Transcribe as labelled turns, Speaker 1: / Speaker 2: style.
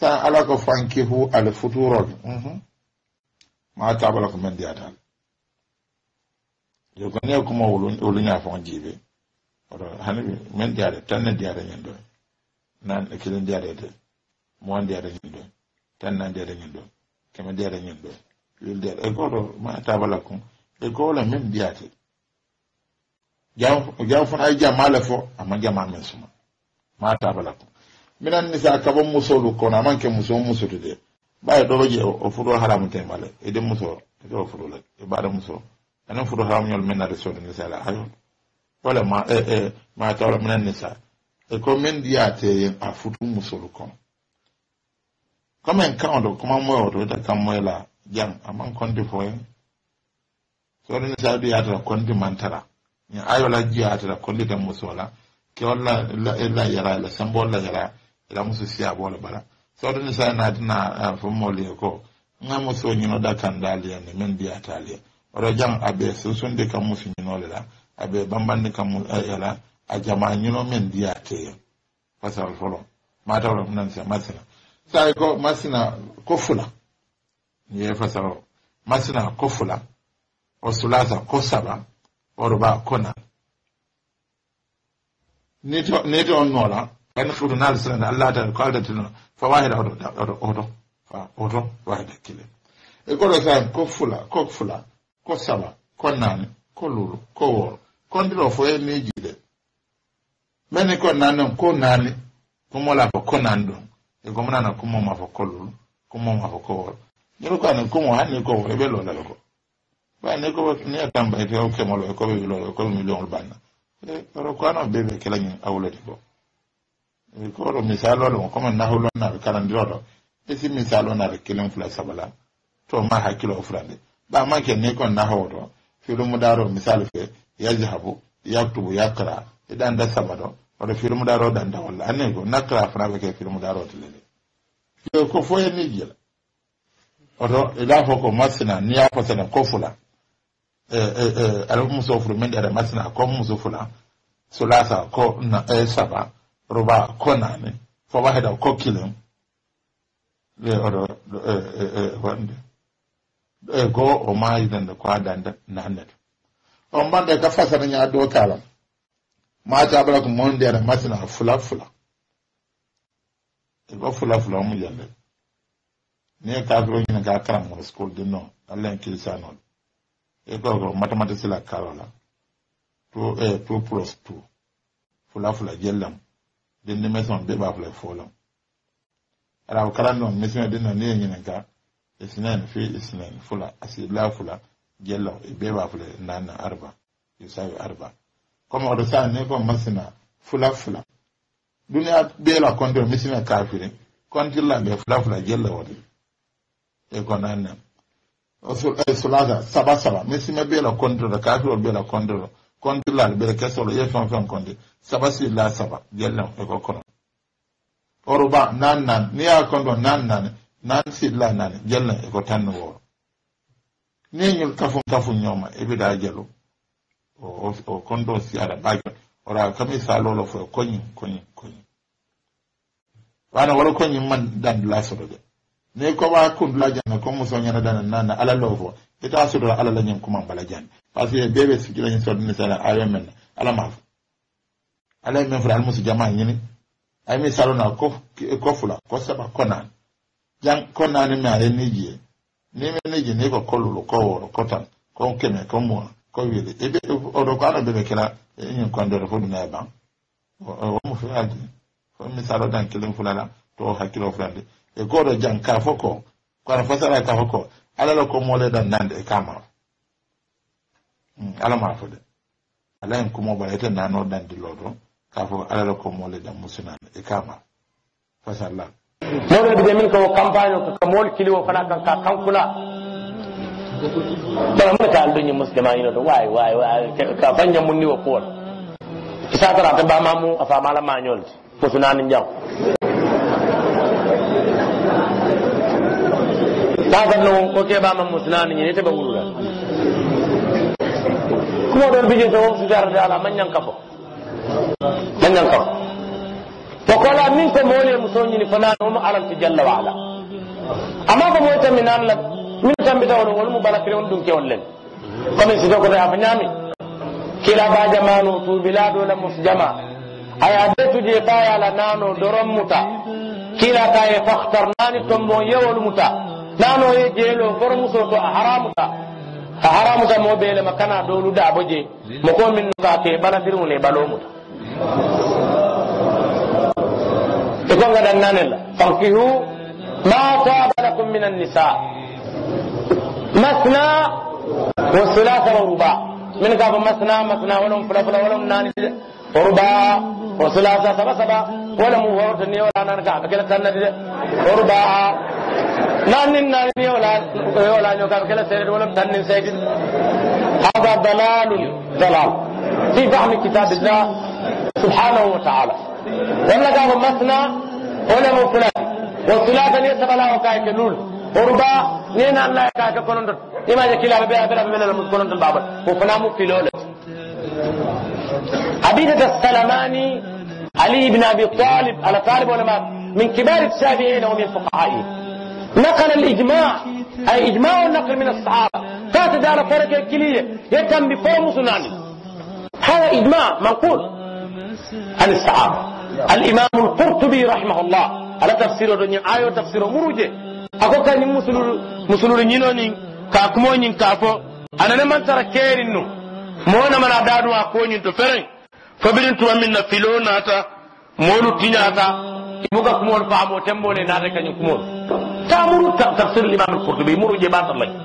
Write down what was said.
Speaker 1: san ala ko fankihu al futurol mhm. bala kuma ko men diyatal yo gone kuma wolu ñafon jiibe oto hani men diyaade tan ne diyaade ñen ɗon nan kilin diya de mowan diyaade ñen ɗon tan nan diyaade ñen ɗon keme diyaade ñen ɗon yol diya e goto ma tabala kon e gowola men diyaate jaw jaw fota ay jamma le fo amma jamma men suma ma bala kon mina nisa ka muso musolu kɔnɔ a muso muso tude baye b'a je dɔ bɛ jɛ o furu haramu tɛ ma dɛ i muso i t'o furu la i b'a muso ani furu haram yɔrɔ min na de sɔrɔ nisa la ayi wala ma e e ma tɔɔrɔ mina nisa e ko men di te tɛ yen a furu musolu kɔnɔ kɔmi n kan do kuma mɔ o do e ta kan mɔ la jam aman man kɔnti fɔ ye sɔrɔ nisa bi a tɛra kɔnti man tara ayi wala ji a tɛra muso la kɛ wala la yɛrɛ e la sanbɔ la yɛrɛ ila muso siya bolo bara sodo ni sa na tina eh, fo moli ko nga muso nyino da kandalia ni men biya talia oro jam abe susunde kam muso nyino la abe bambande kam eh, yala a jama nyino men biya te pasal folo mata wala munan sa masina sai ko masina ko fula ye fasalo masina ko fula o sulasa ko saba oro kona neto neto on كان المفروض الناس سنة الله تعالى فواحد أوضو أوضو واحد كله يقول لك كفلا كفلا كسبا كنان كلولو كوور كندلو فوي ميجيده mene ko nanon ko ma ma ni ko misalo lo ko man nahulu na isi misalo na be fula sabala to ma hakilo fulande ba ma ke ne kon nahawo do filu mudaro misal fe yazhabu yaktubu yakra idan da sabado oɗo film daro danda walla anne ko nakkra fanaɓe ke film daro telele yo ko foye ni jela oto ila fo masina niya fo sene ko fula e, e, e, ala muso furu min ɗere masina ko muso sulasa ko saba roba kona ne fo ba heda ko kilem le oro e e, e wande e go o mai den da kwa dan na net on ban da ka fasara nya do kala ma a bara ko mon da masina fula fula e go fula fula mu yalla ne ka gro ni ga karam n'o school de no allen kilisano e go go mathematics la karola to e to plus fula fula jellam denne maison bɛɛ b'a bila fo la arabukala nɔ maison de nɔ ne ye ɲininka isnain fi isnain fula asila fula jella bɛɛ b'a bila naani arba yusawi arba kɔmi o sa ne ko masina fula fula duniya bɛɛ la kɔnti misina kafiri kɔnti la bɛ fula fula jella o e ko naani sulata saba saba misima bɛɛ la kɔnti la kafiri bɛɛ la kɔnti konti laal bere ke solo ye fɛn fɛn konti saba sirila saba jɛlen ekɔli kɔnɔ oroba naani naani n'i y'a kɔntɔ naani naani naani sirila naani jɛlen ekɔli tan ni wɔɔrɔ n'i ye kafo kafo ɲɔgɔn ma i bɛ daa jɛlo o o kɔntɔ siyara baa jɔ ora kami saalo lo fo koñi koñi koñi wana wala koñi man dan la solo de ne ko ba ko muso nyana dan nan ala lo fo ita sotola ala la ñin kuma bala jani parce que bee be sikila ñin sotini sala ayo men ala maa fo ala ye men fota alimusu jama ñini ay mi salona ko ko fula ko saba ko naani jan ko naani mi ale ni jiye ni mi ni ji ni ko kolulu ko woro ko tan ko keme ko muwa ko wili ibe odo ko ana bebe kila ñin e, kondore fo duna ye ban wo mu fe aji fo mi salo dan kelen fula la to hakkilo fulandi e ko do jan ka fo ko kono fasara ka fo ala la ko mole dan nande kama hmm, ala ma fo de ala en kumo bala ete nano dandi lodo ka fo ala la ko mole dan musina e kama la.
Speaker 2: mawla bi min ko campagne ko kili kiliwo fana kan ka kankula bala mo ta aldo ni muslima ino do way way way ka fanya mun ni wa ko isa tara ta ba mamu afa mala ma nyolti ko sunani jaw ta ga no ko ke ba ma musna ni ne te ba wurula kuma don bijin to won sudar da ala manyan kafo manyan kafo to kala min ko mole muso ni fana no mu alal ti jalla wa ala amma ko mota min an la min tambita won wol mu bala kire won dum ke won len ko min sido ko da fa nyami kila ba jamanu tu biladu la musjama aya tu je fa ya la nano dorom muta kila ta e fakhtar nani tombo yewol muta nano ye jelo for muso to a haramuta a haramuta mo bele kana dolu da boje mo ko min ka ke bana dirmu ne balo muta e ko ngada nanela fankihu ma taba lakum minan nisa masna والثلاثة والرباع من كاف مثنى مثنى ولهم فلا فلا ولهم نان ورباع wala سبا سبا ولهم ورثني ولا نان كاف كلا تنا ورباع نانين نانين كلا سيرد سيرد هذا ضلال ضلال في فهم كتاب الله سبحانه وتعالى ولا مثنى ولا وكاي وربا نين الله كاي كنون إما وفنا مفلولة عبيدة السلماني علي بن أبي طالب على طالب من كبار التابعين ومن فقهائهم نقل الإجماع أي إجماع النقل من الصحابة فات دار فرق الكلية يتم بفورموس عنه هذا إجماع منقول عن الصحابة الإمام القرطبي رحمه الله على تفسير دنيا آية تفسير مروجة أكو كان مسلول مسلول نينونين كاكمونين كافو أنا نمان ترى كيرينو مونا من أدادو أكونين تفرين فبرين تومين نفلون أتا مولو تيناتا ibuka كمول paamo tembole naate kañum kumol tamuru tafsir imam al-qurtubi muru je batal lay